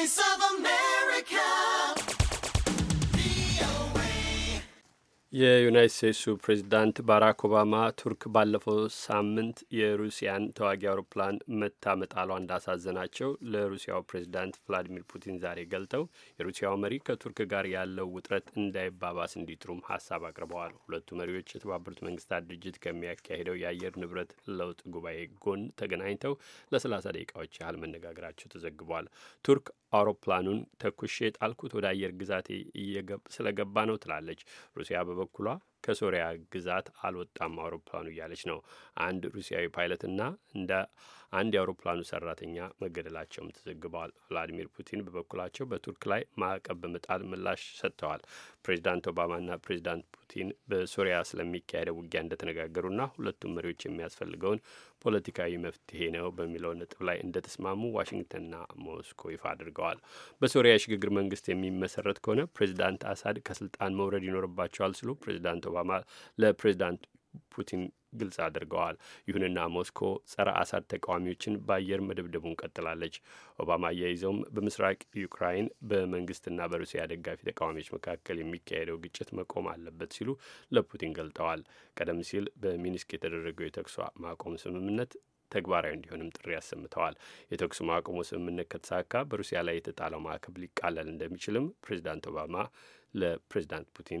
Voice of man. የዩናይት ስቴትሱ ፕሬዚዳንት ባራክ ኦባማ ቱርክ ባለፈው ሳምንት የሩሲያን ተዋጊ አውሮፕላን መታ መጣሏ እንዳሳዘናቸው ለሩሲያው ፕሬዚዳንት ቭላዲሚር ፑቲን ዛሬ ገልጠው የሩሲያው መሪ ከቱርክ ጋር ያለው ውጥረት እንዳይባባስ እንዲጥሩም ሀሳብ አቅርበዋል። ሁለቱ መሪዎች የተባበሩት መንግስታት ድርጅት ከሚያካሄደው የአየር ንብረት ለውጥ ጉባኤ ጎን ተገናኝተው ለሰላሳ ደቂቃዎች ያህል መነጋገራቸው ተዘግቧል። ቱርክ አውሮፕላኑን ተኩሼ ጣልኩት ወደ አየር ግዛቴ ስለገባ ነው ትላለች። ሩሲያ በበኩሏ ከሶሪያ ግዛት አልወጣም አውሮፕላኑ እያለች ነው። አንድ ሩሲያዊ ፓይለትና እንደ አንድ የአውሮፕላኑ ሰራተኛ መገደላቸውም ተዘግበዋል። ቭላዲሚር ፑቲን በበኩላቸው በቱርክ ላይ ማዕቀብ በመጣል ምላሽ ሰጥተዋል። ፕሬዚዳንት ኦባማና ፕሬዚዳንት ፑቲን በሶሪያ ስለሚካሄደው ውጊያ እንደተነጋገሩና ሁለቱም መሪዎች የሚያስፈልገውን ፖለቲካዊ መፍትሄ ነው በሚለው ነጥብ ላይ እንደተስማሙ ዋሽንግተንና ሞስኮ ይፋ አድርገዋል። በሶሪያ የሽግግር መንግስት የሚመሰረት ከሆነ ፕሬዚዳንት አሳድ ከስልጣን መውረድ ይኖርባቸዋል ሲሉ ፕሬዚዳንት ኦባማ ለፕሬዚዳንት ፑቲን ግልጽ አድርገዋል። ይሁንና ሞስኮ ጸረ አሳድ ተቃዋሚዎችን በአየር መደብደቡን ቀጥላለች። ኦባማ አያይዘውም በምስራቅ ዩክራይን በመንግስትና በሩሲያ ደጋፊ ተቃዋሚዎች መካከል የሚካሄደው ግጭት መቆም አለበት ሲሉ ለፑቲን ገልጠዋል። ቀደም ሲል በሚኒስክ የተደረገው የተኩስ ማቆም ስምምነት ተግባራዊ እንዲሆንም ጥሪ አሰምተዋል። የተኩስ ማቆሙ ስምምነት ከተሳካ በሩሲያ ላይ የተጣለው ማዕቀብ ሊቃለል እንደሚችልም ፕሬዚዳንት ኦባማ ለፕሬዚዳንት ፑቲን